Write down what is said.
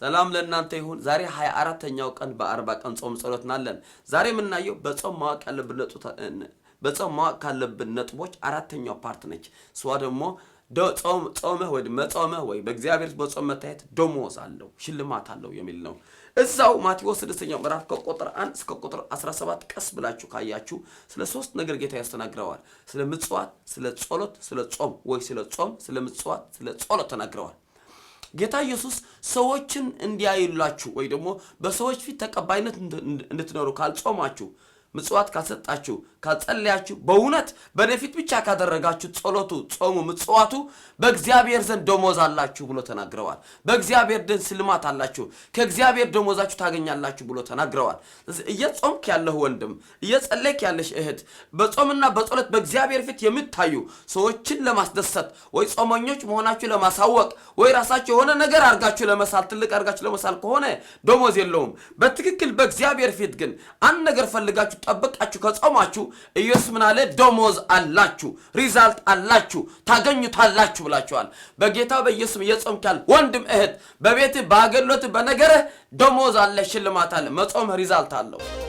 ሰላም ለእናንተ ይሁን። ዛሬ 24ተኛው ቀን በአርባ ቀን ጾም ጸሎት እናለን። ዛሬ የምናየው በጾም ማወቅ ያለብን በጾም ማወቅ ካለብን ነጥቦች አራተኛው ፓርት ነች። እሷ ደግሞ ጾመህ ወይ መጾመህ ወይ በእግዚአብሔር በጾም መታየት ደሞዝ አለው ሽልማት አለው የሚል ነው። እዛው ማቴዎስ ስድስተኛው ምዕራፍ ከቁጥር አንድ እስከ ቁጥር 17 ቀስ ብላችሁ ካያችሁ ስለ ሶስት ነገር ጌታ ያስተናግረዋል። ስለ ምጽዋት፣ ስለ ጸሎት፣ ስለ ጾም ወይ ስለ ጾም፣ ስለ ምጽዋት፣ ስለ ጸሎት ተናግረዋል። ጌታ ኢየሱስ ሰዎችን እንዲያዩላችሁ ወይ ደግሞ በሰዎች ፊት ተቀባይነት እንድትኖሩ ካልጾማችሁ ምጽዋት ካልሰጣችሁ ካልጸለያችሁ፣ በእውነት በእኔ ፊት ብቻ ካደረጋችሁ ጸሎቱ፣ ጾሙ፣ ምጽዋቱ በእግዚአብሔር ዘንድ ደሞዝ አላችሁ ብሎ ተናግረዋል። በእግዚአብሔር ደን ስልማት አላችሁ፣ ከእግዚአብሔር ደሞዛችሁ ታገኛላችሁ ብሎ ተናግረዋል። እየጾምክ ያለህ ወንድም፣ እየጸለይክ ያለሽ እህት፣ በጾምና በጸሎት በእግዚአብሔር ፊት የምታዩ ሰዎችን ለማስደሰት ወይ ጾመኞች መሆናችሁ ለማሳወቅ ወይ ራሳችሁ የሆነ ነገር አርጋችሁ ለመሳል ትልቅ አርጋችሁ ለመሳል ከሆነ ደሞዝ የለውም። በትክክል በእግዚአብሔር ፊት ግን አንድ ነገር ፈልጋችሁ ጠብቃችሁ ከጾማችሁ ኢየሱስ ምን አለ? ደሞዝ አላችሁ፣ ሪዛልት አላችሁ፣ ታገኙታላችሁ ብላችኋል። በጌታ በኢየሱስ እየጾምክ ወንድም እህት፣ በቤትህ፣ በአገልግሎትህ፣ በነገርህ ደሞዝ አለ፣ ሽልማት አለ። መጾም ሪዛልት አለው።